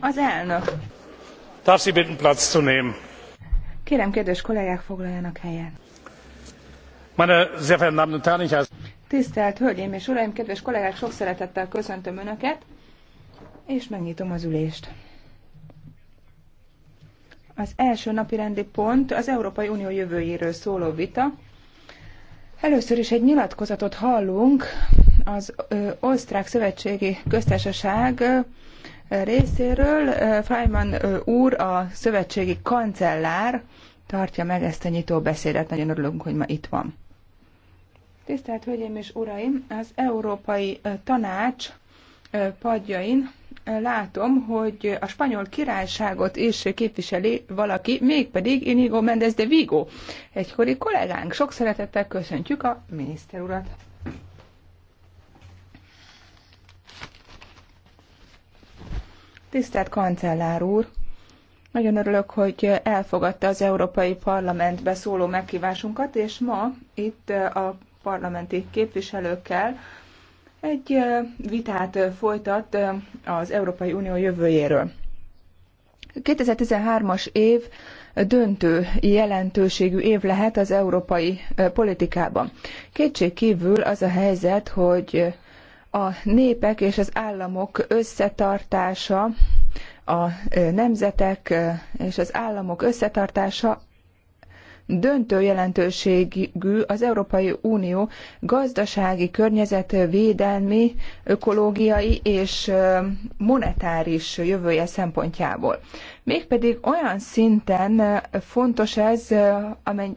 Az elnök. Darf Sie bitten Platz zu nehmen. Kérem, kedves kollégák, foglaljanak helyet. Meine sehr verehrten Damen und Herren, ich heiße... Tisztelt Hölgyeim és Uraim, kedves kollégák, sok szeretettel köszöntöm Önöket, és megnyitom az ülést. Az első napi rendi pont az Európai Unió jövőjéről szóló vita. Először is egy nyilatkozatot hallunk az Osztrák Szövetségi Köztársaság részéről Freiman úr, a szövetségi kancellár tartja meg ezt a nyitó beszédet. Nagyon örülünk, hogy ma itt van. Tisztelt Hölgyeim és Uraim! Az Európai Tanács padjain látom, hogy a spanyol királyságot is képviseli valaki, mégpedig Inigo Mendez de Vigo, egykori kollégánk. Sok szeretettel köszöntjük a miniszter urat! Tisztelt kancellár úr! Nagyon örülök, hogy elfogadta az Európai Parlament beszóló meghívásunkat, és ma itt a parlamenti képviselőkkel egy vitát folytat az Európai Unió jövőjéről. 2013-as év döntő jelentőségű év lehet az európai politikában. Kétség kívül az a helyzet, hogy a népek és az államok összetartása, a nemzetek és az államok összetartása döntő jelentőségű az Európai Unió gazdasági, környezetvédelmi, ökológiai és monetáris jövője szempontjából. Mégpedig olyan szinten fontos ez,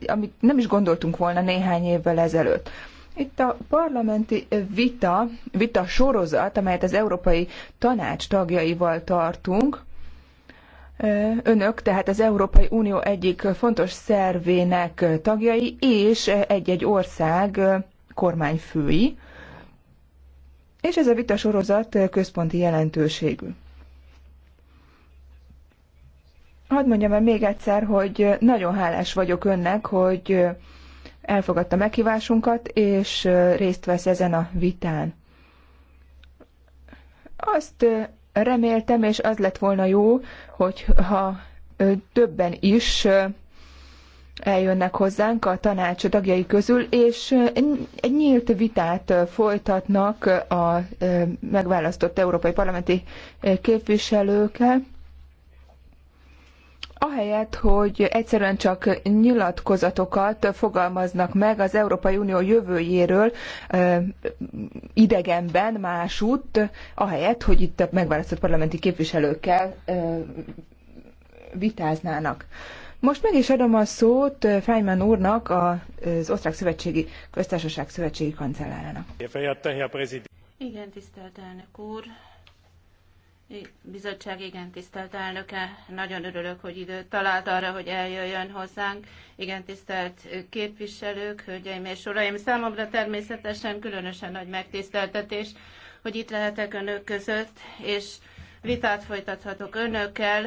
amit nem is gondoltunk volna néhány évvel ezelőtt. Itt a parlamenti vita, vita sorozat, amelyet az Európai Tanács tagjaival tartunk, Önök tehát az Európai Unió egyik fontos szervének tagjai és egy-egy ország kormányfői, és ez a vita sorozat központi jelentőségű. Hadd mondjam el még egyszer, hogy nagyon hálás vagyok önnek, hogy elfogadta meghívásunkat, és részt vesz ezen a vitán. Azt reméltem, és az lett volna jó, hogy ha többen is eljönnek hozzánk a tanács tagjai közül, és egy nyílt vitát folytatnak a megválasztott európai parlamenti képviselőkkel ahelyett, hogy egyszerűen csak nyilatkozatokat fogalmaznak meg az Európai Unió jövőjéről idegenben másút, ahelyett, hogy itt a megválasztott parlamenti képviselőkkel vitáznának. Most meg is adom a szót Feynman úrnak, az Osztrák Szövetségi Köztársaság Szövetségi Kancellárának. Igen, tisztelt elnök úr, Bizottság, igen, tisztelt elnöke, nagyon örülök, hogy időt talált arra, hogy eljöjjön hozzánk. Igen, tisztelt képviselők, hölgyeim és uraim, számomra természetesen különösen nagy megtiszteltetés, hogy itt lehetek önök között, és vitát folytathatok önökkel